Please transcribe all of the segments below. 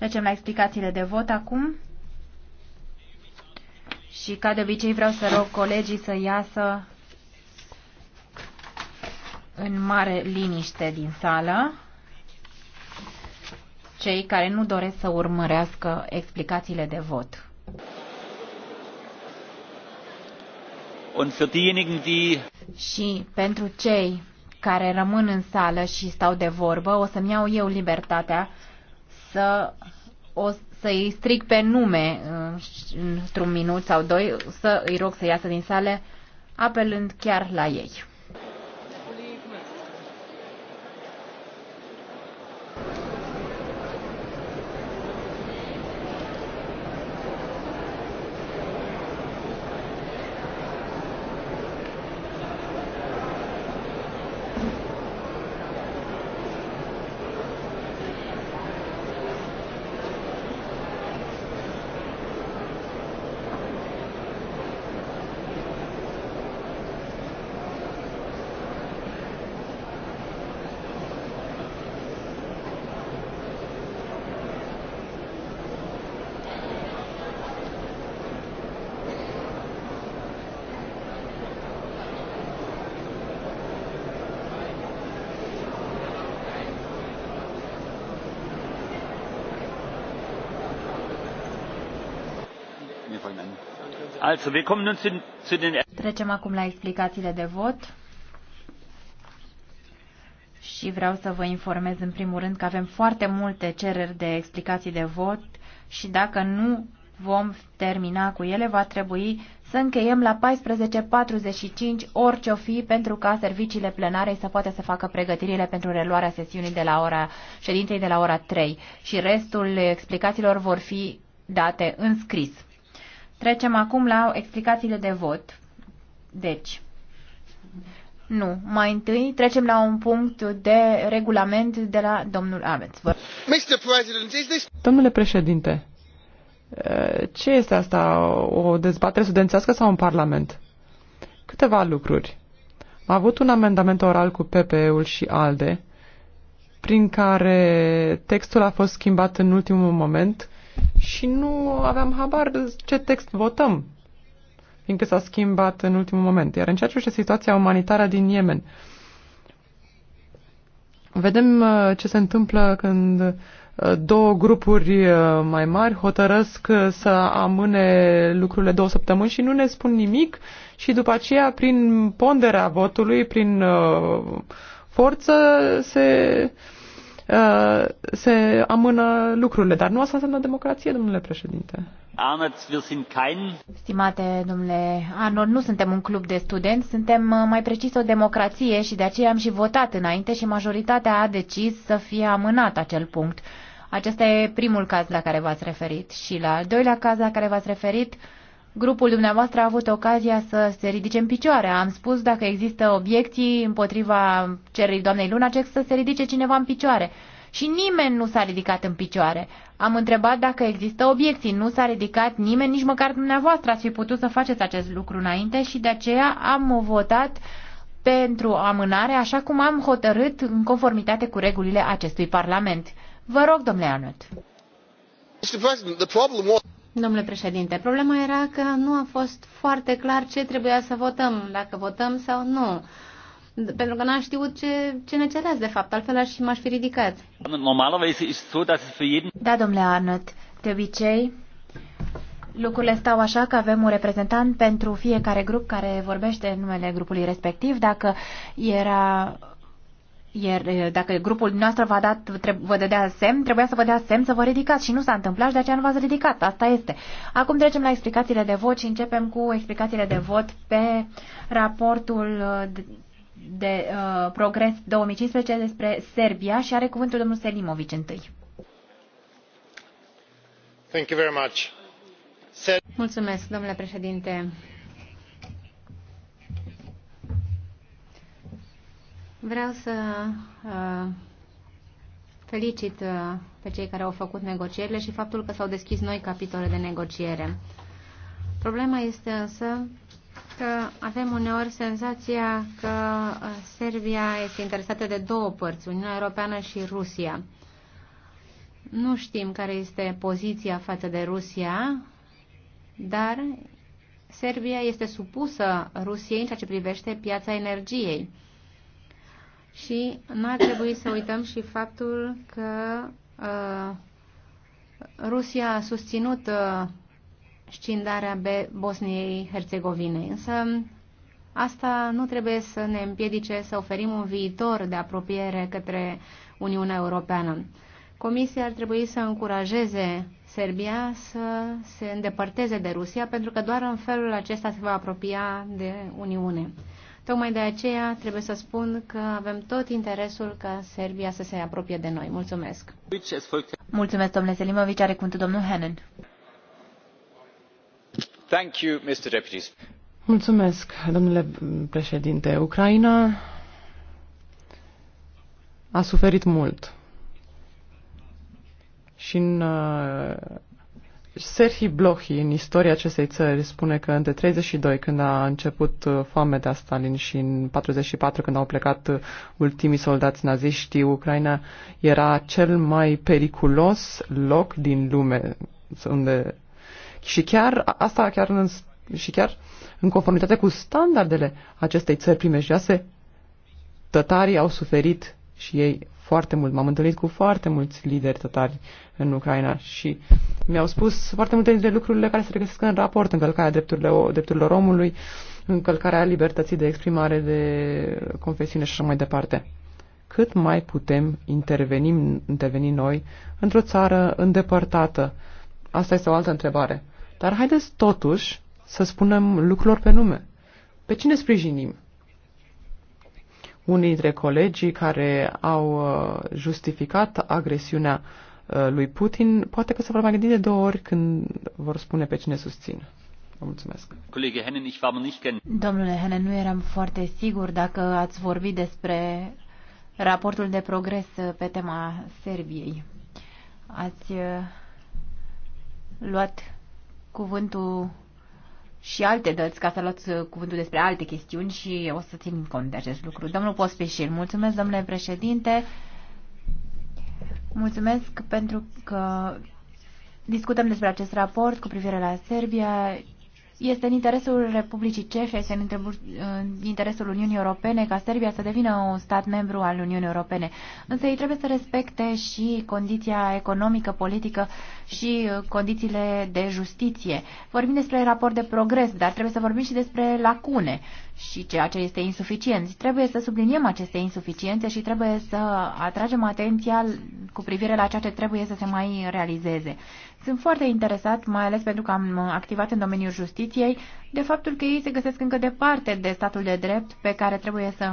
Trecem la explicațiile de vot acum. Și ca de obicei vreau să rog colegii să iasă în mare liniște din sală cei care nu doresc să urmărească explicațiile de vot. Și pentru cei care rămân în sală și stau de vorbă, o să-mi iau eu libertatea să o să îi stric pe nume uh, într-un minut sau doi, să îi rog să iasă din sale, apelând chiar la ei. Er- Trecem acum la explicațiile de vot. Și vreau să vă informez în primul rând că avem foarte multe cereri de explicații de vot și dacă nu vom termina cu ele, va trebui să încheiem la 14.45 orice o fi pentru ca serviciile plenarei să poată să facă pregătirile pentru reluarea sesiunii de la ora, ședinței de la ora 3 și restul explicațiilor vor fi date în scris. Trecem acum la explicațiile de vot. Deci, nu, mai întâi trecem la un punct de regulament de la domnul Abetz. Domnule președinte, ce este asta? O dezbatere studențească sau un parlament? Câteva lucruri. Am avut un amendament oral cu PPE-ul și ALDE, prin care textul a fost schimbat în ultimul moment și nu aveam habar ce text votăm, fiindcă s-a schimbat în ultimul moment. Iar în ceea ce este situația umanitară din Yemen, vedem uh, ce se întâmplă când uh, două grupuri uh, mai mari hotărăsc să amâne lucrurile două săptămâni și nu ne spun nimic și după aceea, prin ponderea votului, prin forță, se Uh, se amână lucrurile. Dar nu asta înseamnă democrație, domnule președinte. Stimate domnule Arnor, nu suntem un club de studenți, suntem uh, mai precis o democrație și de aceea am și votat înainte și majoritatea a decis să fie amânat acel punct. Acesta e primul caz la care v-ați referit și la al doilea caz la care v-ați referit Grupul dumneavoastră a avut ocazia să se ridice în picioare. Am spus dacă există obiecții împotriva cererii doamnei Lunacek să se ridice cineva în picioare. Și nimeni nu s-a ridicat în picioare. Am întrebat dacă există obiecții. Nu s-a ridicat nimeni, nici măcar dumneavoastră ați fi putut să faceți acest lucru înainte și de aceea am votat pentru amânare, așa cum am hotărât în conformitate cu regulile acestui Parlament. Vă rog, domnule Anut. Domnule președinte, problema era că nu a fost foarte clar ce trebuia să votăm, dacă votăm sau nu. Pentru că n-am știut ce, ce ne cereați, de fapt, altfel aș, m-aș fi ridicat. Da, domnule Arnott, de obicei lucrurile stau așa că avem un reprezentant pentru fiecare grup care vorbește în numele grupului respectiv. Dacă era iar dacă grupul noastră v-a dat, vă dădea semn, trebuia să vă dea semn să vă ridicați și nu s-a întâmplat și de aceea nu v-ați ridicat. Asta este. Acum trecem la explicațiile de vot și începem cu explicațiile de vot pe raportul de uh, progres 2015 despre Serbia și are cuvântul domnul Selimovic întâi. Thank you very much. Mulțumesc, domnule președinte. Vreau să uh, felicit uh, pe cei care au făcut negocierile și faptul că s-au deschis noi capitole de negociere. Problema este însă că avem uneori senzația că uh, Serbia este interesată de două părți, Uniunea Europeană și Rusia. Nu știm care este poziția față de Rusia, dar Serbia este supusă Rusiei în ceea ce privește piața energiei. Și nu ar trebui să uităm și faptul că uh, Rusia a susținut uh, scindarea Bosniei Herțegovinei, însă asta nu trebuie să ne împiedice să oferim un viitor de apropiere către Uniunea Europeană. Comisia ar trebui să încurajeze Serbia să se îndepărteze de Rusia, pentru că doar în felul acesta se va apropia de Uniune. Tocmai de aceea trebuie să spun că avem tot interesul ca Serbia să se apropie de noi. Mulțumesc! Mulțumesc, domnule Selimovic. Are cuvântul domnul Hennen. Thank you, Mr. Mulțumesc, domnule președinte. Ucraina a suferit mult. Și în uh, Serhi Blohi, în istoria acestei țări, spune că între 32, când a început uh, foamea Stalin și în 44, când au plecat uh, ultimii soldați naziști, Ucraina era cel mai periculos loc din lume. Unde... Și chiar asta chiar în, și chiar în conformitate cu standardele acestei țări primejdioase, tătarii au suferit și ei foarte mult. M-am întâlnit cu foarte mulți lideri tătari în Ucraina și mi-au spus foarte multe dintre lucrurile care se regăsesc în raport, încălcarea drepturilor, drepturilor omului, încălcarea libertății de exprimare, de confesiune și așa mai departe. Cât mai putem interveni, interveni noi într-o țară îndepărtată? Asta este o altă întrebare. Dar haideți totuși să spunem lucrurilor pe nume. Pe cine sprijinim? unii dintre colegii care au uh, justificat agresiunea uh, lui Putin, poate că se vor mai gândi de două ori când vor spune pe cine susțin. Vă mulțumesc. Domnule Hennen, nu eram foarte sigur dacă ați vorbit despre raportul de progres uh, pe tema Serbiei. Ați luat cuvântul și alte dăți, ca să luați uh, cuvântul despre alte chestiuni și o să țin cont de acest lucru. Domnul Pospișil, mulțumesc, domnule președinte. Mulțumesc pentru că discutăm despre acest raport cu privire la Serbia. Este în interesul Republicii Cefe, este în interesul Uniunii Europene ca Serbia să devină un stat membru al Uniunii Europene. Însă ei trebuie să respecte și condiția economică, politică și uh, condițiile de justiție. Vorbim despre raport de progres, dar trebuie să vorbim și despre lacune și ceea ce este insuficient. Trebuie să subliniem aceste insuficiențe și trebuie să atragem atenția cu privire la ceea ce trebuie să se mai realizeze. Sunt foarte interesat, mai ales pentru că am activat în domeniul justiției, de faptul că ei se găsesc încă departe de statul de drept pe care trebuie să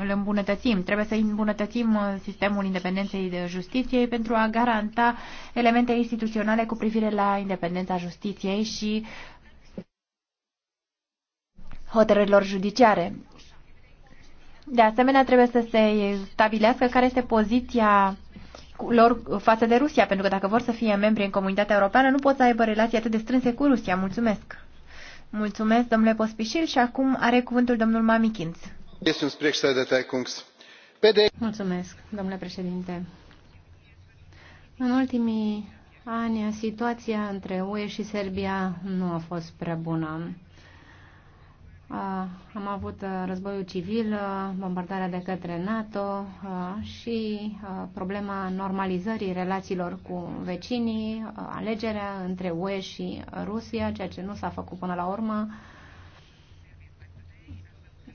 îl îmbunătățim. Trebuie să îmbunătățim sistemul independenței de justiției pentru a garanta elemente instituționale cu privire la independența justiției și hotărârilor judiciare. De asemenea, trebuie să se stabilească care este poziția lor față de Rusia, pentru că dacă vor să fie membri în comunitatea europeană, nu pot să aibă relații atât de strânse cu Rusia. Mulțumesc! Mulțumesc, domnule Pospișil, și acum are cuvântul domnul Mamichins. Mulțumesc, domnule președinte. În ultimii ani, situația între UE și Serbia nu a fost prea bună am avut uh, războiul civil, uh, bombardarea de către NATO uh, și problema normalizării relațiilor cu vecinii, alegerea între UE și Rusia, ceea ce nu s-a făcut până la urmă.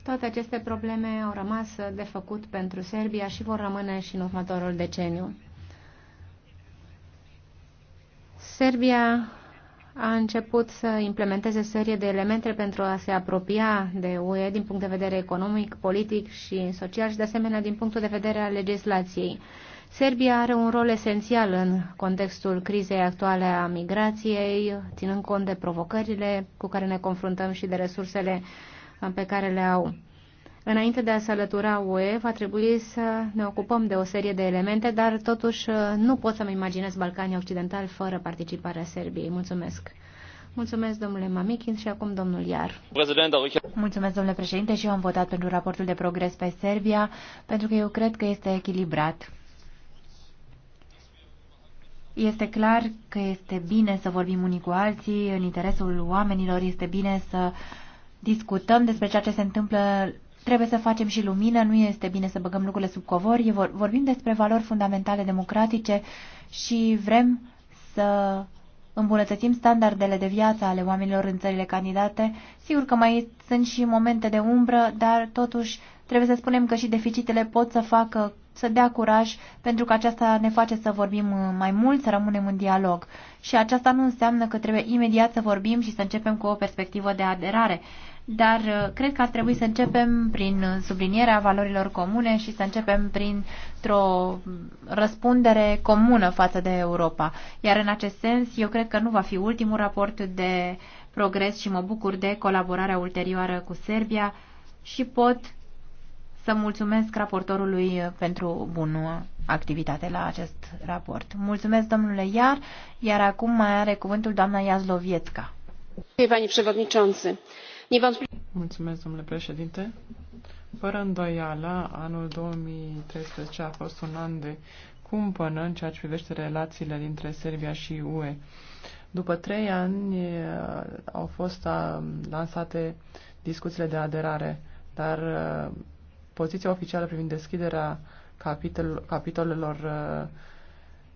Toate aceste probleme au rămas de făcut pentru Serbia și vor rămâne și în următorul deceniu. Serbia a început să implementeze serie de elemente pentru a se apropia de UE din punct de vedere economic, politic și social și de asemenea din punctul de vedere al legislației. Serbia are un rol esențial în contextul crizei actuale a migrației, ținând cont de provocările cu care ne confruntăm și de resursele pe care le au. Înainte de a se alătura UE, va trebui să ne ocupăm de o serie de elemente, dar totuși uh, nu pot să-mi imaginez Balcanii Occidentali fără participarea Serbiei. Mulțumesc! Mulțumesc, domnule Mamichin, și acum domnul Iar. Mulțumesc, domnule președinte, și eu am votat pentru raportul de progres pe Serbia, pentru că eu cred că este echilibrat. Este clar că este bine să vorbim unii cu alții, în interesul oamenilor este bine să discutăm despre ceea ce se întâmplă Trebuie să facem și lumină, nu este bine să băgăm lucrurile sub covor. Vorbim despre valori fundamentale democratice și vrem să îmbunătățim standardele de viață ale oamenilor în țările candidate. Sigur că mai sunt și momente de umbră, dar totuși trebuie să spunem că și deficitele pot să facă, să dea curaj, pentru că aceasta ne face să vorbim mai mult, să rămânem în dialog. Și aceasta nu înseamnă că trebuie imediat să vorbim și să începem cu o perspectivă de aderare dar uh, cred că ar trebui să începem prin sublinierea valorilor comune și să începem printr-o răspundere comună față de Europa. Iar în acest sens, eu cred că nu va fi ultimul raport de progres și mă bucur de colaborarea ulterioară cu Serbia și pot să mulțumesc raportorului pentru bună activitate la acest raport. Mulțumesc, domnule Iar, iar acum mai are cuvântul doamna Iazlovietska. Panie Przewodniczący! Mulțumesc, domnule președinte. Fără îndoială, anul 2013 a fost un an de cumpănă în ceea ce privește relațiile dintre Serbia și UE. După trei ani au fost lansate discuțiile de aderare, dar poziția oficială privind deschiderea capitolelor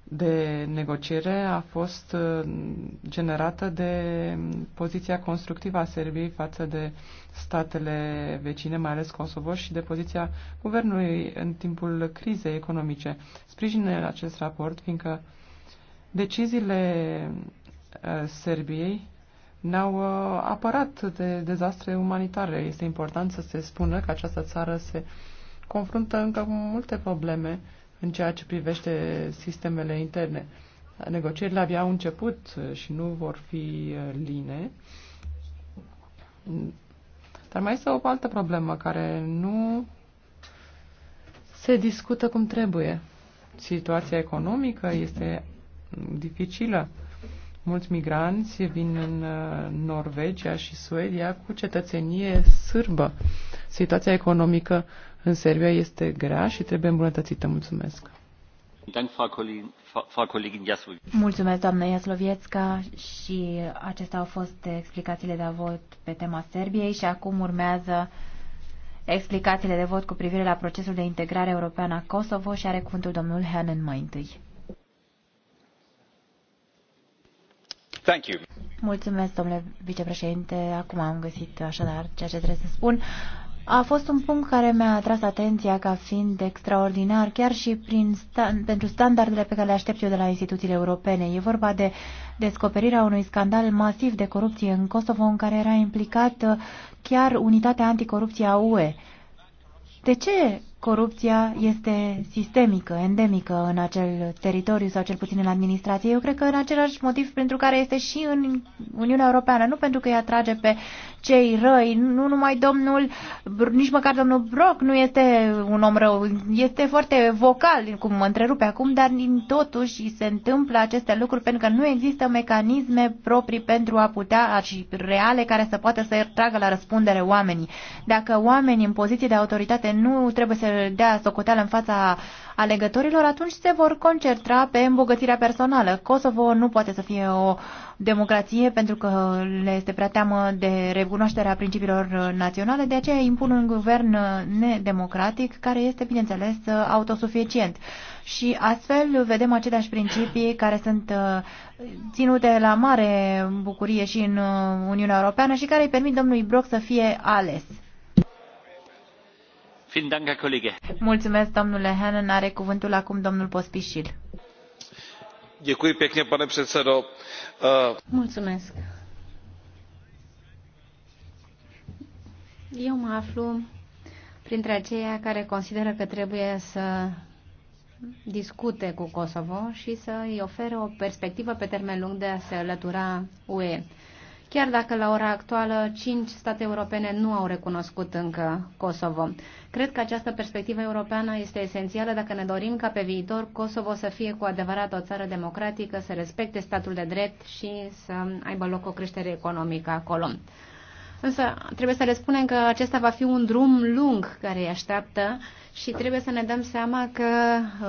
de negociere a fost uh, generată de poziția constructivă a Serbiei față de statele vecine, mai ales Kosovo, și de poziția guvernului în timpul crizei economice. Sprijină acest raport, fiindcă deciziile uh, Serbiei ne-au uh, apărat de dezastre umanitare. Este important să se spună că această țară se confruntă încă cu multe probleme în ceea ce privește sistemele interne. Negocierile abia au început uh, și nu vor fi uh, line. Dar mai este o altă problemă care nu se discută cum trebuie. Situația economică este dificilă. Mulți migranți vin în uh, Norvegia și Suedia cu cetățenie sârbă. Situația economică în Serbia este grea și trebuie îmbunătățită. Mulțumesc! Mulțumesc, doamnă Iaslovietska, și acestea au fost explicațiile de vot pe tema Serbiei și acum urmează explicațiile de vot cu privire la procesul de integrare europeană a Kosovo și are cuvântul domnul Hanen mai întâi. Thank you. Mulțumesc, domnule vicepreședinte. Acum am găsit așadar ceea ce trebuie să spun a fost un punct care mi-a atras atenția ca fiind extraordinar, chiar și prin sta pentru standardele pe care le aștept eu de la instituțiile europene. E vorba de descoperirea unui scandal masiv de corupție în Kosovo, în care era implicat uh, chiar unitatea anticorupție a UE. De ce corupția este sistemică, endemică în acel teritoriu sau cel puțin în administrație. Eu cred că în același motiv pentru care este și în Uniunea Europeană, nu pentru că îi atrage pe cei răi, nu numai domnul, nici măcar domnul Brock nu este un om rău, este foarte vocal, cum mă întrerupe acum, dar totuși se întâmplă aceste lucruri pentru că nu există mecanisme proprii pentru a putea, și reale, care să poată să tragă la răspundere oamenii. Dacă oamenii în poziție de autoritate nu trebuie să dea socoteală în fața alegătorilor, atunci se vor concentra pe îmbogățirea personală. Kosovo nu poate să fie o democrație pentru că le este prea teamă de recunoașterea principiilor naționale, de aceea impun un guvern nedemocratic care este, bineînțeles, autosuficient. Și astfel vedem aceleași principii care sunt uh, ținute la mare bucurie și în uh, Uniunea Europeană și care îi permit domnului Brock să fie ales. Mulțumesc, domnule Hannan. Are cuvântul acum domnul Pospișil. Eh, Mulțumesc. Eu mă aflu printre aceia care consideră că trebuie să discute cu Kosovo și să îi ofere o perspectivă pe termen lung de a se alătura UE chiar dacă la ora actuală cinci state europene nu au recunoscut încă Kosovo. Cred că această perspectivă europeană este esențială dacă ne dorim ca pe viitor Kosovo să fie cu adevărat o țară democratică, să respecte statul de drept și să aibă loc o creștere economică acolo. Însă trebuie să le spunem că acesta va fi un drum lung care îi așteaptă și trebuie să ne dăm seama că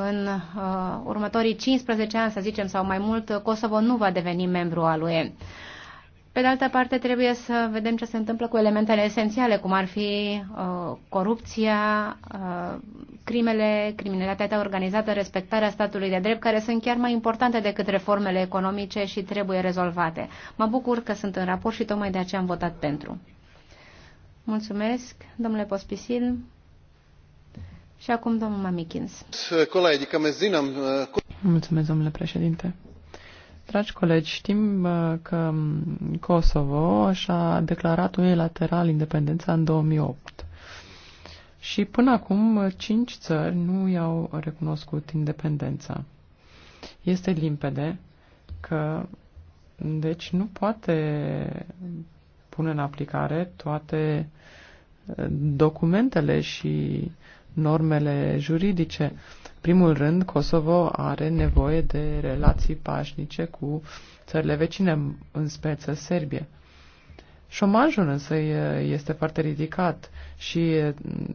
în uh, următorii 15 ani, să zicem, sau mai mult, Kosovo nu va deveni membru al UE. Pe de altă parte, trebuie să vedem ce se întâmplă cu elementele esențiale, cum ar fi uh, corupția, uh, crimele, criminalitatea organizată, respectarea statului de drept, care sunt chiar mai importante decât reformele economice și trebuie rezolvate. Mă bucur că sunt în raport și tocmai de aceea am votat pentru. Mulțumesc, domnule Pospisil. Și acum domnul Mamikins. Uh, Mulțumesc, domnule președinte. Dragi colegi, știm uh, că Kosovo și-a declarat unilateral independența în 2008. Și până acum uh, cinci țări nu i-au recunoscut independența. Este limpede că deci nu poate pune în aplicare toate uh, documentele și normele juridice uh, primul rând, Kosovo are nevoie de relații pașnice cu țările vecine, în speță Serbie. Șomajul însă este foarte ridicat și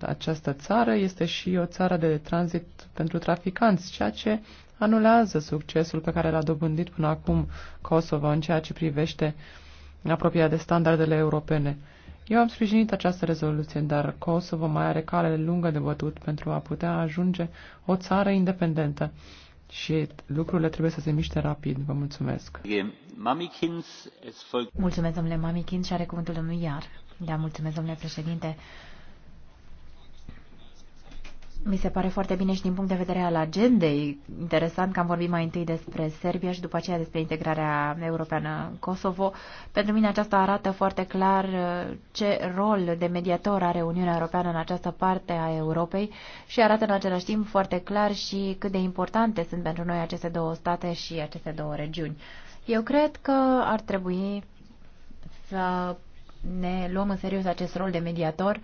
această țară este și o țară de tranzit pentru traficanți, ceea ce anulează succesul pe care l-a dobândit până acum Kosovo în ceea ce privește apropierea de standardele europene. Eu am sprijinit această rezoluție, dar Kosovo mai are cale lungă de bătut pentru a putea ajunge o țară independentă și lucrurile trebuie să se miște rapid. Vă mulțumesc. Mulțumesc, domnule Mamikins, și are cuvântul domnul Iar. Da, mulțumesc, domnule președinte. Mi se pare foarte bine și din punct de vedere al agendei. Interesant că am vorbit mai întâi despre Serbia și după aceea despre integrarea europeană în Kosovo. Pentru mine aceasta arată foarte clar uh, ce rol de mediator are Uniunea Europeană în această parte a Europei și arată în același timp foarte clar și cât de importante sunt pentru noi aceste două state și aceste două regiuni. Eu cred că ar trebui să ne luăm în serios acest rol de mediator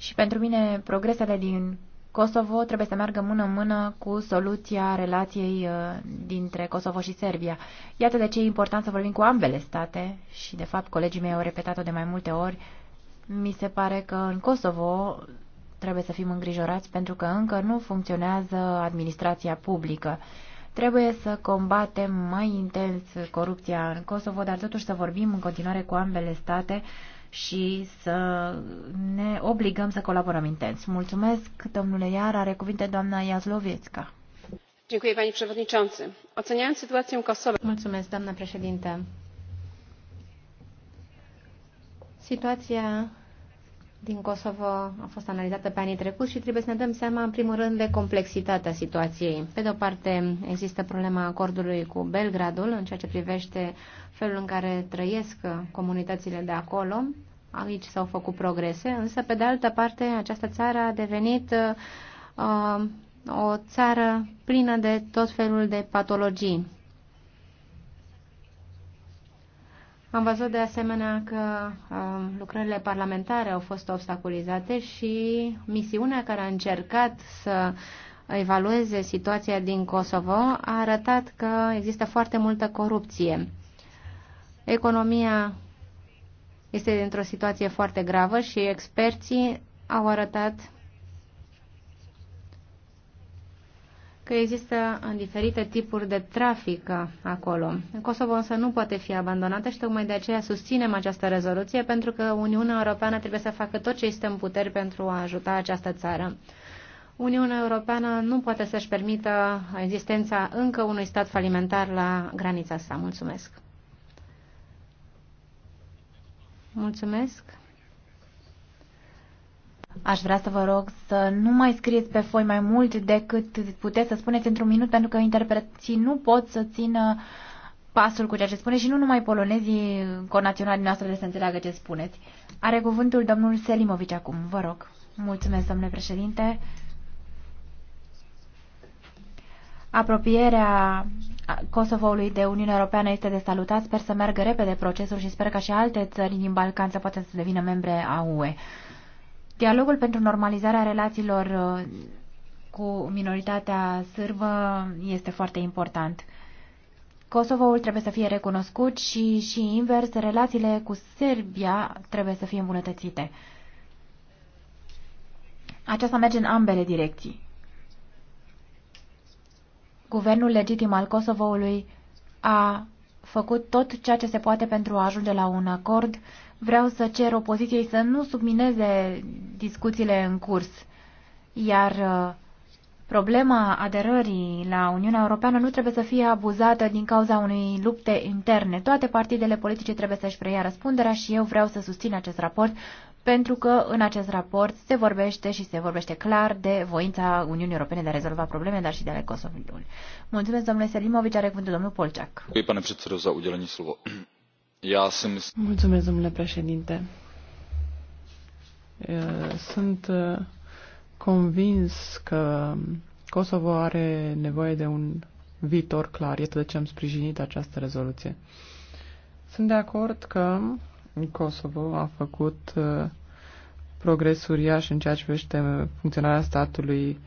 și pentru mine progresele din Kosovo trebuie să meargă mână-mână cu soluția relației uh, dintre Kosovo și Serbia. Iată de ce e important să vorbim cu ambele state și, de fapt, colegii mei au repetat-o de mai multe ori. Mi se pare că în Kosovo trebuie să fim îngrijorați pentru că încă nu funcționează administrația publică. Trebuie să combatem mai intens corupția în Kosovo, dar totuși să vorbim în continuare cu ambele state și să ne obligăm să colaborăm intens. Mulțumesc, domnule Iar, are cuvinte doamna Iazlovietska. Mulțumesc, doamnă președinte. Situația din Kosovo a fost analizată pe anii trecuți și trebuie să ne dăm seama, în primul rând, de complexitatea situației. Pe de o parte, există problema acordului cu Belgradul în ceea ce privește felul în care trăiesc comunitățile de acolo. Aici s-au făcut progrese, însă, pe de altă parte, această țară a devenit uh, o țară plină de tot felul de patologii Am văzut de asemenea că uh, lucrările parlamentare au fost obstaculizate și misiunea care a încercat să evalueze situația din Kosovo a arătat că există foarte multă corupție. Economia este într-o situație foarte gravă și experții au arătat că există diferite tipuri de trafic acolo. Kosovo însă nu poate fi abandonată și tocmai de aceea susținem această rezoluție pentru că Uniunea Europeană trebuie să facă tot ce este în puteri pentru a ajuta această țară. Uniunea Europeană nu poate să-și permită existența încă unui stat falimentar la granița sa. Mulțumesc! Mulțumesc! Aș vrea să vă rog să nu mai scrieți pe foi mai mult decât puteți să spuneți într-un minut, pentru că interpreții nu pot să țină pasul cu ceea ce spune și nu numai polonezii conaționalii noastre de să înțeleagă ce spuneți. Are cuvântul domnul Selimovici acum, vă rog. Mulțumesc, domnule președinte. Apropierea Kosovoului de Uniunea Europeană este de salutat. Sper să meargă repede procesul și sper ca și alte țări din Balcan să poată să devină membre a UE. Dialogul pentru normalizarea relațiilor uh, cu minoritatea sârbă este foarte important. Kosovoul trebuie să fie recunoscut și, și invers, relațiile cu Serbia trebuie să fie îmbunătățite. Aceasta merge în ambele direcții. Guvernul legitim al Kosovoului a făcut tot ceea ce se poate pentru a ajunge la un acord Vreau să cer opoziției să nu submineze discuțiile în curs, iar uh, problema aderării la Uniunea Europeană nu trebuie să fie abuzată din cauza unei lupte interne. Toate partidele politice trebuie să-și preia răspunderea și eu vreau să susțin acest raport, pentru că în acest raport se vorbește și se vorbește clar de voința Uniunii Europene de a rezolva probleme, dar și de ale Kosovo. Mulțumesc, domnule Selimovici, are cuvântul domnul Polceac. Pane Mulțumesc, domnule președinte. Sunt convins că Kosovo are nevoie de un viitor clar. Iată de ce am sprijinit această rezoluție. Sunt de acord că Kosovo a făcut progres uriaș în ceea ce privește funcționarea statului,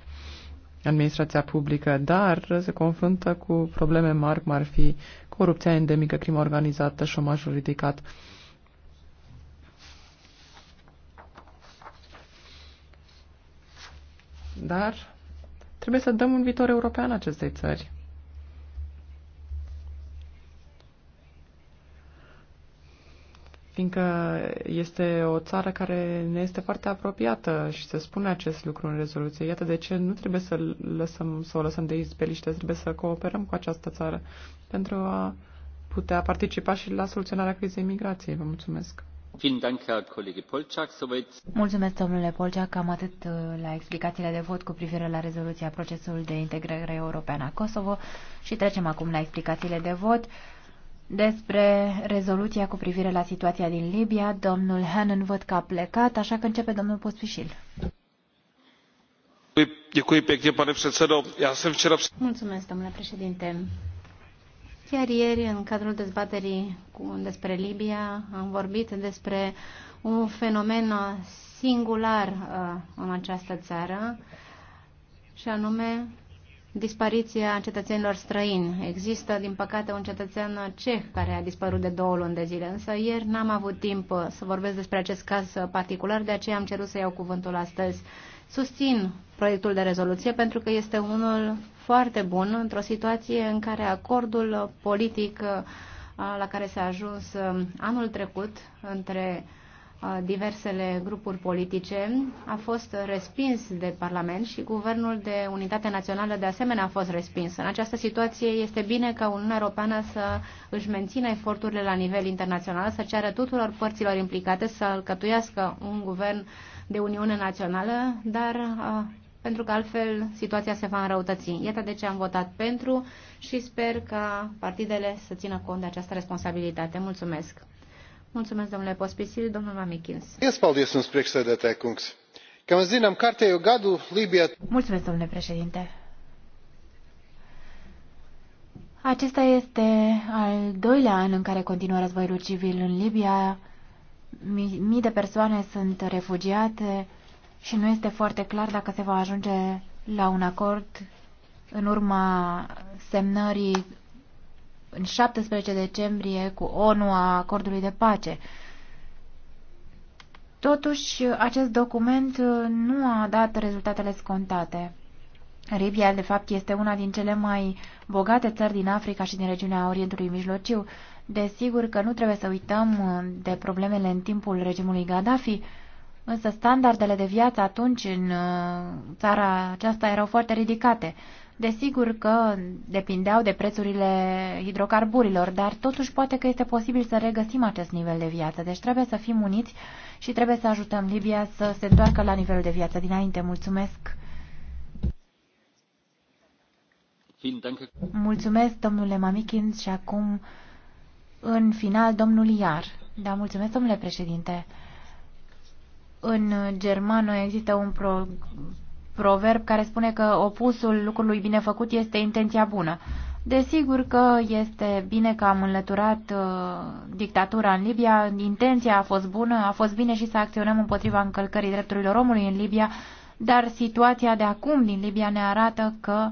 administrația publică, dar se confruntă cu probleme mari, cum ar fi corupția endemică, crimă organizată, șomajul ridicat. Dar trebuie să dăm un viitor european acestei țări. fiindcă este o țară care ne este foarte apropiată și se spune acest lucru în rezoluție. Iată de ce nu trebuie să, lăsăm, să o lăsăm de izbeliște, trebuie să cooperăm cu această țară pentru a putea participa și la soluționarea crizei migrației. Vă mulțumesc! Mulțumesc, domnule Polciac, cam atât uh, la explicațiile de vot cu privire la rezoluția procesului de integrare europeană a Kosovo și trecem acum la explicațiile de vot despre rezoluția cu privire la situația din Libia. Domnul Hannon văd că a plecat, așa că începe domnul Pospișil. Mulțumesc, domnule președinte. Chiar ieri, în cadrul dezbaterii cu, despre Libia, am vorbit despre un fenomen singular uh, în această țară, și anume dispariția cetățenilor străini. Există, din păcate, un cetățean ceh care a dispărut de două luni de zile, însă ieri n-am avut timp uh, să vorbesc despre acest caz uh, particular, de aceea am cerut să iau cuvântul astăzi. Susțin proiectul de rezoluție pentru că este unul foarte bun într-o situație în care acordul politic uh, la care s-a ajuns anul trecut între diversele grupuri politice, a fost respins de Parlament și Guvernul de Unitate Națională de asemenea a fost respins. În această situație este bine ca Uniunea Europeană să își mențină eforturile la nivel internațional, să ceară tuturor părților implicate să alcătuiască un guvern de Uniune Națională, dar pentru că altfel situația se va înrăutăți. Iată de ce am votat pentru și sper ca partidele să țină cont de această responsabilitate. Mulțumesc! Mulțumesc, domnule Pospisil, domnul Mamikins. Mulțumesc, domnule președinte. Acesta este al doilea an în care continuă războiul civil în Libia. Mii de persoane sunt refugiate și nu este foarte clar dacă se va ajunge la un acord în urma semnării în 17 decembrie cu ONU a acordului de pace. Totuși, acest document uh, nu a dat rezultatele scontate. Libia, de fapt, este una din cele mai bogate țări din Africa și din regiunea Orientului Mijlociu. Desigur că nu trebuie să uităm uh, de problemele în timpul regimului Gaddafi, însă standardele de viață atunci în uh, țara aceasta erau foarte ridicate. Desigur că depindeau de prețurile hidrocarburilor, dar totuși poate că este posibil să regăsim acest nivel de viață. Deci trebuie să fim uniți și trebuie să ajutăm Libia să se întoarcă la nivelul de viață dinainte. Mulțumesc! Mulțumesc, domnule Mamikin, și acum, în final, domnul Iar. Da, mulțumesc, domnule președinte. În germană există un pro proverb care spune că opusul lucrului bine făcut este intenția bună. Desigur că este bine că am înlăturat uh, dictatura în Libia, intenția a fost bună, a fost bine și să acționăm împotriva încălcării drepturilor omului în Libia, dar situația de acum din Libia ne arată că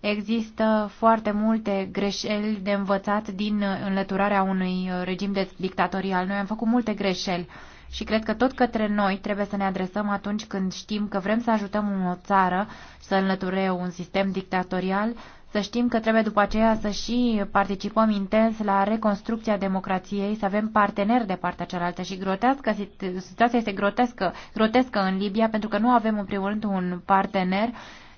există foarte multe greșeli de învățat din înlăturarea unui uh, regim de dictatorial. Noi am făcut multe greșeli și cred că tot către noi trebuie să ne adresăm atunci când știm că vrem să ajutăm o țară să înlăture un sistem dictatorial, să știm că trebuie după aceea să și participăm intens la reconstrucția democrației, să avem parteneri de partea cealaltă și grotească, situația este grotescă, grotescă în Libia pentru că nu avem în primul rând un partener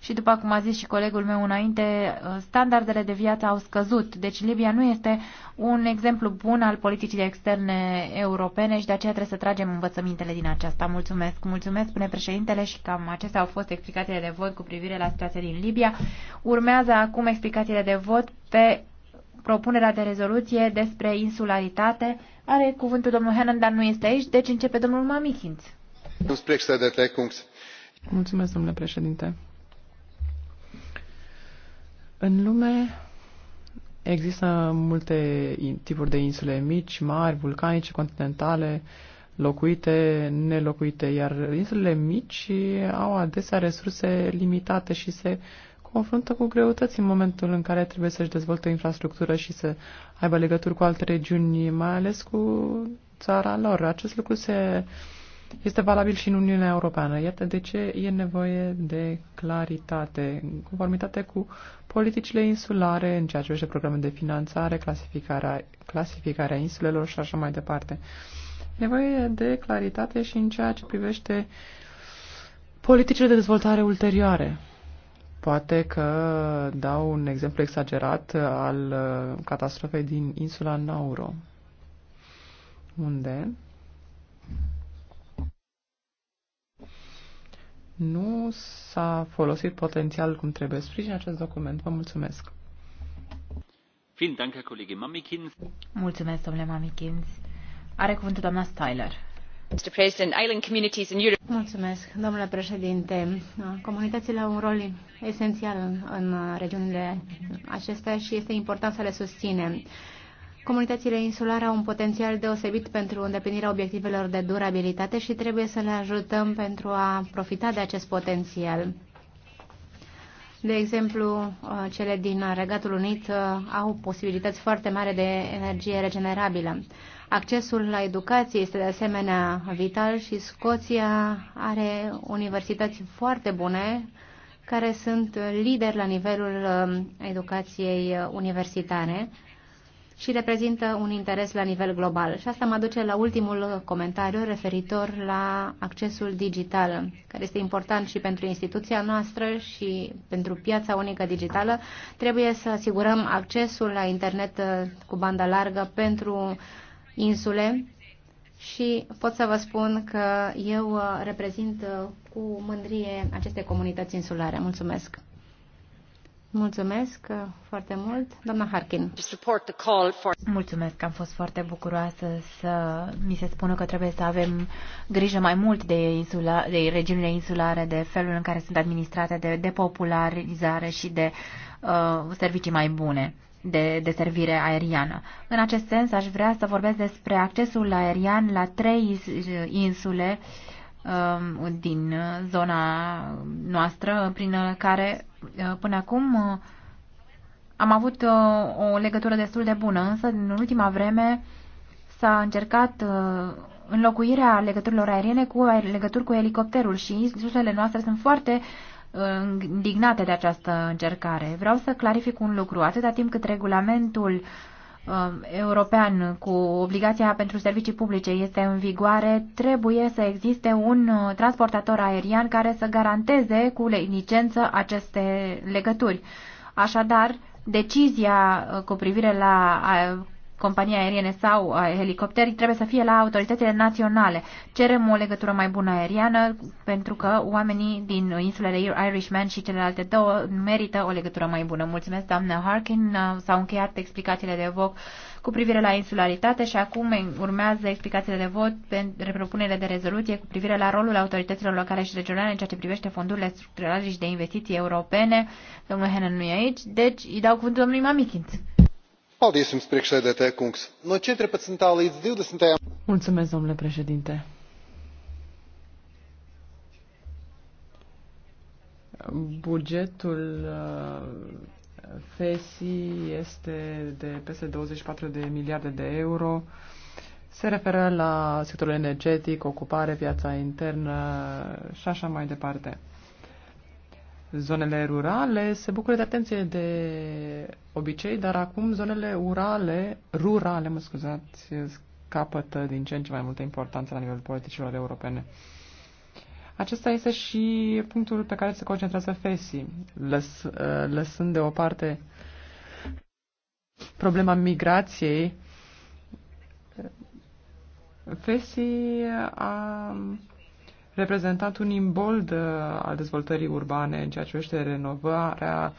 și, după cum a zis și colegul meu înainte, uh, standardele de viață au scăzut. Deci Libia nu este un exemplu bun al politicii externe europene și de aceea trebuie să tragem învățămintele din aceasta. Mulțumesc, mulțumesc, spune președintele și cam acestea au fost explicațiile de vot cu privire la situația din Libia. Urmează acum explicațiile de vot pe propunerea de rezoluție despre insularitate. Are cuvântul domnul Henan, dar nu este aici, deci începe domnul Mamichinț. Mulțumesc, domnule președinte. În lume există multe tipuri de insule mici, mari, vulcanice, continentale, locuite, nelocuite, iar insulele mici au adesea resurse limitate și se confruntă cu greutăți în momentul în care trebuie să-și dezvolte infrastructură și să aibă legături cu alte regiuni, mai ales cu țara lor. Acest lucru se uh, este valabil și în Uniunea Europeană. Iată de ce e nevoie de claritate, în conformitate cu politicile insulare în ceea ce privește programe de finanțare, clasificarea, clasificarea insulelor și așa mai departe. E nevoie de claritate și în ceea ce privește politicile de dezvoltare ulterioare. Poate că dau un exemplu exagerat al catastrofei din insula Nauro, unde nu s-a folosit potențial cum trebuie. Sprijin acest document. Vă mulțumesc. Mulțumesc, domnule Mamikins. Are cuvântul doamna Styler. Mulțumesc, domnule președinte comunitățile au un rol esențial în, în regiunile acestea și este important să le susținem. Comunitățile insulare au un potențial deosebit pentru îndeplinirea obiectivelor de durabilitate și trebuie să le ajutăm pentru a profita de acest potențial. De exemplu, cele din Regatul Unit uh, au posibilități foarte mari de energie regenerabilă. Accesul la educație este de asemenea vital și Scoția are universități foarte bune care sunt lideri la nivelul uh, educației uh, universitare și reprezintă un interes la nivel global. Și asta mă duce la ultimul comentariu referitor la accesul digital, care este important și pentru instituția noastră și pentru piața unică digitală. Trebuie să asigurăm accesul la internet uh, cu bandă largă pentru insule și pot să vă spun că eu uh, reprezint uh, cu mândrie aceste comunități insulare. Mulțumesc! Mulțumesc uh, foarte mult, doamna Harkin. Mulțumesc, am fost foarte bucuroasă să mi se spună că trebuie să avem grijă mai mult de, insula, de regiunile insulare, de felul în care sunt administrate, de depopularizare și de uh, servicii mai bune de servire aeriană. În acest sens, aș vrea să vorbesc despre accesul aerian la trei uh, insule um, din uh, zona noastră, prin care Eh, până acum eh, am avut eh, o legătură destul de bună, însă în ultima vreme s-a încercat înlocuirea legăturilor aeriene cu legături cu elicopterul și insulele noastre sunt foarte indignate de această încercare. Vreau să clarific un lucru. Atâta timp cât regulamentul uh, Um, european cu obligația pentru servicii publice este în vigoare, trebuie să existe un uh, transportator aerian care să garanteze cu licență aceste legături. Așadar, decizia uh, cu privire la uh, companii aeriene sau uh, helicopteri trebuie să fie la autoritățile naționale. Cerem o legătură mai bună aeriană pentru că oamenii din insulele Irishman și celelalte două merită o legătură mai bună. Mulțumesc, doamnă Harkin. Uh, s-au încheiat explicațiile de voc cu privire la insularitate și acum urmează explicațiile de vot pentru propunerile de rezoluție cu privire la rolul autorităților locale și regionale în ceea ce privește fondurile structurale și de investiții europene. Domnul Henan nu e aici, deci îi dau cuvântul domnului Mamichinț. Mulțumesc, domnule președinte. Bugetul uh, FESI este de peste 24 de miliarde de euro. Se referă la sectorul energetic, ocupare, piața internă și așa mai departe zonele rurale se bucură de atenție de obicei, dar acum zonele urale, rurale, mă scuzați, capătă din ce în ce mai multă importanță la nivelul politicilor europene. Acesta este și punctul pe care se concentrează FESI, lăs, uh, lăsând deoparte problema migrației. Uh, FESI a reprezentat un imbold uh, al dezvoltării urbane în ceea ce privește renovarea,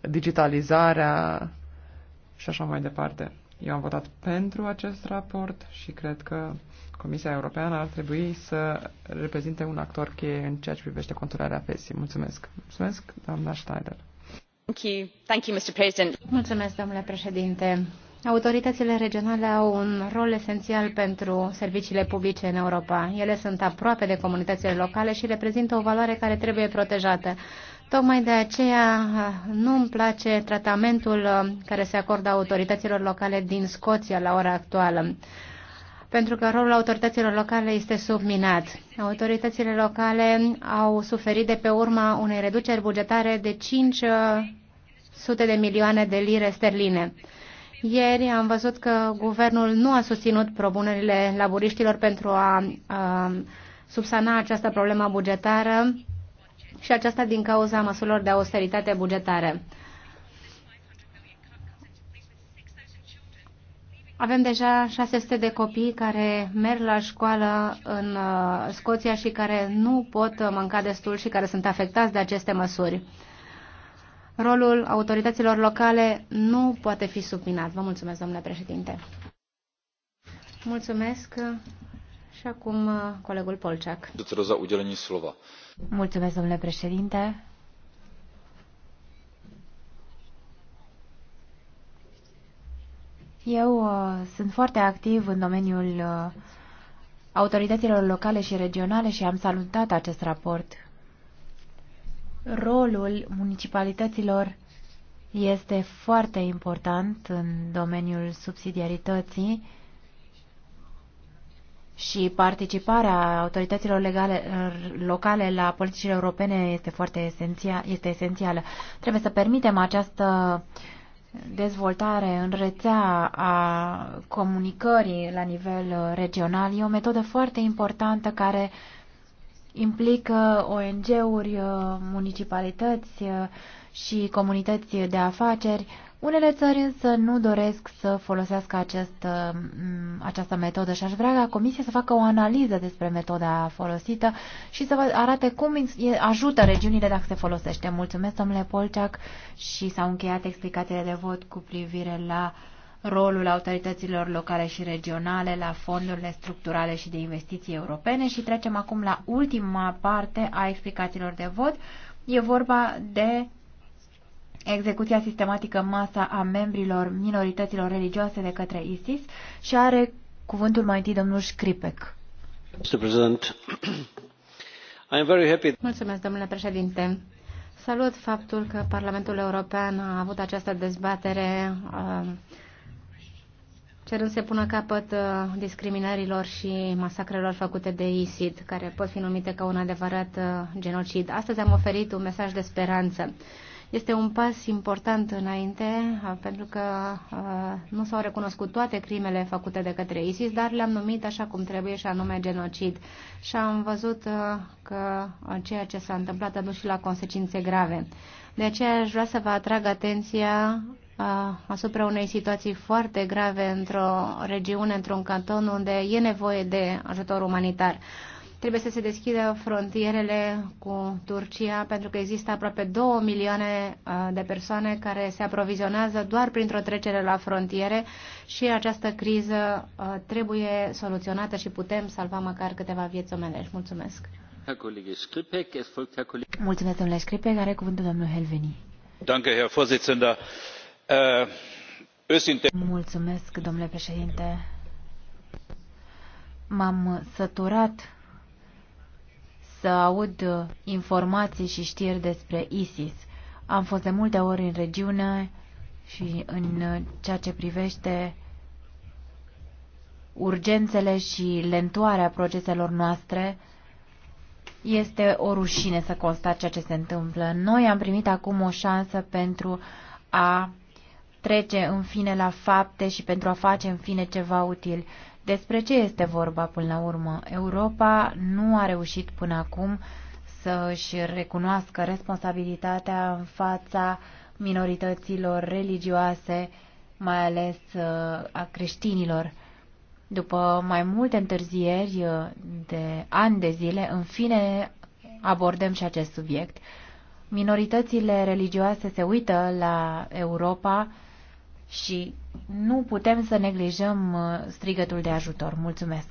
digitalizarea și așa mai departe. Eu am votat pentru acest raport și cred că Comisia Europeană ar trebui să reprezinte un actor cheie în ceea ce privește conturarea PESI. Mulțumesc. Mulțumesc, doamna Schneider. Thank you. Thank you, Mr. President. Mulțumesc, domnule președinte. Autoritățile regionale au un rol esențial pentru serviciile publice în Europa. Ele sunt aproape de comunitățile locale și reprezintă o valoare care trebuie protejată. Tocmai de aceea nu îmi place tratamentul uh, care se acordă autorităților locale din Scoția la ora actuală pentru că rolul autorităților locale este subminat. Autoritățile locale au suferit de pe urma unei reduceri bugetare de 500 uh, de milioane de lire sterline. Ieri am văzut că guvernul nu a susținut propunerile laburiștilor pentru a, a subsana această problemă bugetară și aceasta din cauza măsurilor de austeritate bugetare. Avem deja 600 de copii care merg la școală în uh, Scoția și care nu pot mânca destul și care sunt afectați de aceste măsuri rolul autorităților locale nu poate fi subminat. Vă mulțumesc, domnule președinte. Mulțumesc. Și acum colegul Polceac. Mulțumesc, domnule președinte. Eu uh, sunt foarte activ în domeniul uh, autorităților locale și regionale și am salutat acest raport Rolul municipalităților este foarte important în domeniul subsidiarității și participarea autorităților legale, locale la politicile europene este foarte esențial, este esențială. Trebuie să permitem această dezvoltare în rețea a comunicării la nivel regional. E o metodă foarte importantă care implică ONG-uri, uh, municipalități uh, și comunități de afaceri. Unele țări însă nu doresc să folosească acest, uh, această metodă și aș vrea ca Comisia să facă o analiză despre metoda folosită și să vă arate cum ajută regiunile dacă se folosește. Mulțumesc, domnule Polceac, și s-au încheiat explicațiile de vot cu privire la uh, rolul autorităților locale și regionale la fondurile structurale și de investiții europene și trecem acum la ultima parte a explicațiilor de vot. E vorba de execuția sistematică masa a membrilor minorităților religioase de către ISIS și are cuvântul mai întâi domnul Scripec. Mulțumesc, domnule președinte. Salut faptul că Parlamentul European a avut această dezbatere uh, cerând să pună capăt uh, discriminărilor și masacrelor făcute de ISID, care pot fi numite ca un adevărat uh, genocid. Astăzi am oferit un mesaj de speranță. Este un pas important înainte, uh, pentru că nu s-au recunoscut toate crimele făcute de către ISIS, dar le-am numit așa cum trebuie și anume genocid. Și am văzut că ceea ce s-a întâmplat a dus și la consecințe grave. De aceea aș vrea să vă atrag atenția asupra unei situații foarte grave într-o regiune, într-un canton unde e nevoie de ajutor umanitar. Trebuie să se deschidă frontierele cu Turcia pentru că există aproape 2 milioane de persoane care se aprovizionează doar printr-o trecere la frontiere și această criză trebuie soluționată și putem salva măcar câteva vieți omenești. Mulțumesc! Mulțumesc, domnule Scripec. Are cuvântul domnul Helveni. Danke, Herr Vorsitzender. Uh, Mulțumesc, domnule președinte. M-am săturat să aud informații și știri despre ISIS. Am fost de multe ori în regiune și în ceea ce privește urgențele și lentoarea proceselor noastre, este o rușine să constat ceea ce se întâmplă. Noi am primit acum o șansă pentru a trece în fine la fapte și pentru a face în fine ceva util. Despre ce este vorba până la urmă? Europa nu a reușit până acum să își recunoască responsabilitatea în fața minorităților religioase, mai ales uh, a creștinilor. După mai multe întârzieri uh, de ani de zile, în fine abordăm și acest subiect. Minoritățile religioase se uită la Europa și nu putem să neglijăm uh, strigătul de ajutor. Mulțumesc!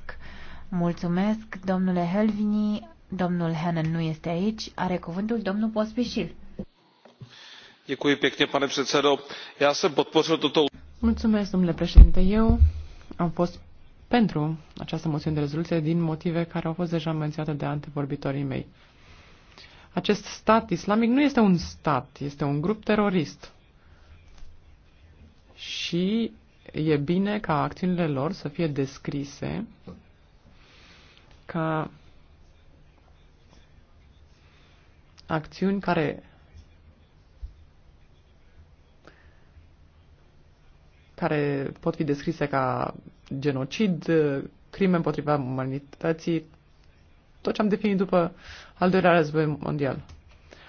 Mulțumesc, domnule Helvini, domnul Hennen nu este aici, are cuvântul domnul Pospișil. pane předsedo. Já jsem podpořil tuto... Mulțumesc, domnule președinte. Eu am fost pentru această moțiune de rezoluție din motive care au fost deja menționate de antevorbitorii mei. Acest stat islamic nu este un stat, este un grup terorist și e bine ca acțiunile lor să fie descrise ca acțiuni care care pot fi descrise ca genocid, crime împotriva umanității, tot ce am definit după al doilea război mondial.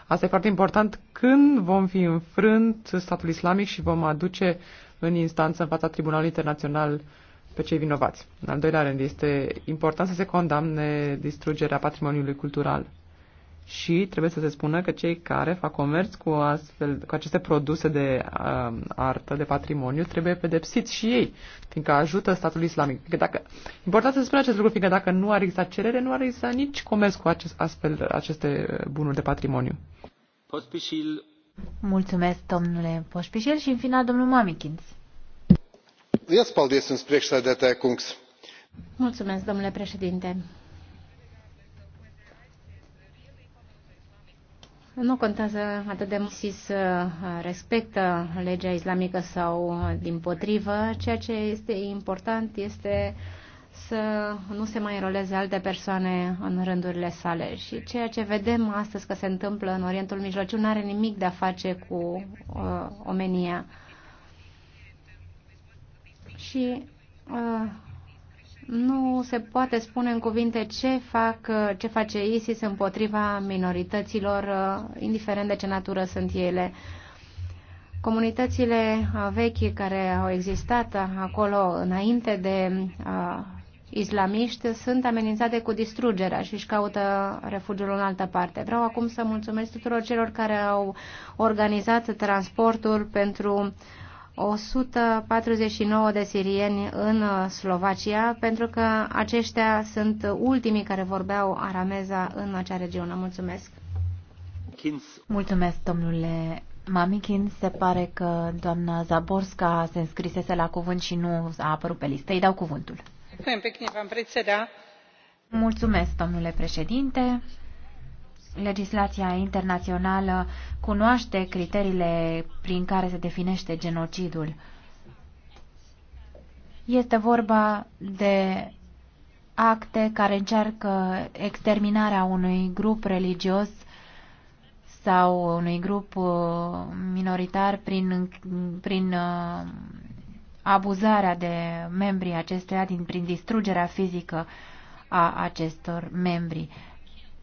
Asta e foarte important când vom fi înfrânt statul islamic și vom aduce în instanță în fața Tribunalului Internațional pe cei vinovați. În al doilea rând, este important să se condamne distrugerea patrimoniului cultural și trebuie să se spună că cei care fac comerț cu, astfel, cu aceste produse de uh, artă, de patrimoniu, trebuie pedepsiți și ei, fiindcă ajută statul islamic. Fiindcă dacă, important să se spună acest lucru, fiindcă dacă nu ar exista cerere, nu ar exista nici comerț cu acest, astfel, aceste bunuri de patrimoniu. Pospișil. Mulțumesc, domnule Poșpișel, și în final domnul Mamikins. Mulțumesc, domnule președinte. Nu contează atât de mult să uh, respectă legea islamică sau uh, din potrivă. Ceea ce este important este să nu se mai înroleze alte persoane în rândurile sale. Și ceea ce vedem astăzi că se întâmplă în Orientul Mijlociu nu are nimic de a face cu uh, omenia. Și uh, nu se poate spune în cuvinte ce, fac, ce face ISIS împotriva minorităților, uh, indiferent de ce natură sunt ele. Comunitățile vechi care au existat acolo înainte de uh, islamiști sunt amenințate cu distrugerea și își caută refugiul în altă parte. Vreau acum să mulțumesc tuturor celor care au organizat transportul pentru uh, 149 de sirieni în uh, Slovacia, pentru că aceștia sunt ultimii care vorbeau arameza în acea regiune. Mulțumesc! Mulțumesc, domnule Mamikin. Se pare că doamna Zaborska se înscrisese la cuvânt și nu a apărut pe listă. Îi dau cuvântul. Mulțumesc, domnule președinte legislația internațională cunoaște criteriile prin care se definește genocidul. Este vorba de acte care încearcă exterminarea unui grup religios sau unui grup uh, minoritar prin, prin uh, abuzarea de membrii acesteia, din, prin distrugerea fizică a acestor membri.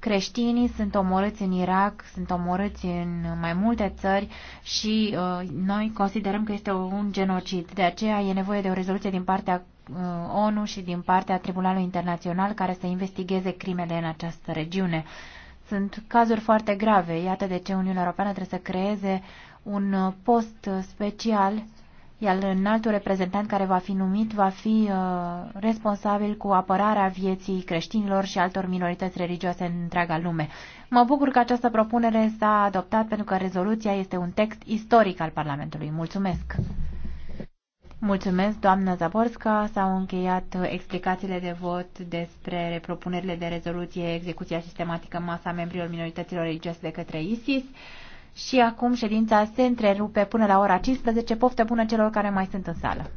Creștinii sunt omorâți în Irak, sunt omorâți în mai multe țări și uh, noi considerăm că este un genocid. De aceea e nevoie de o rezoluție din partea uh, ONU și din partea Tribunalului Internațional care să investigheze crimele în această regiune. Sunt cazuri foarte grave. Iată de ce Uniunea Europeană trebuie să creeze un uh, post special iar înaltul reprezentant care va fi numit va fi uh, responsabil cu apărarea vieții creștinilor și altor minorități religioase în întreaga lume. Mă bucur că această propunere s-a adoptat pentru că rezoluția este un text istoric al Parlamentului. Mulțumesc! Mulțumesc, doamnă Zaborska. S-au încheiat explicațiile de vot despre propunerile de rezoluție, execuția sistematică masa membrilor minorităților religioase de către ISIS. Și acum ședința se întrerupe până la ora 15. Poftă bună celor care mai sunt în sală.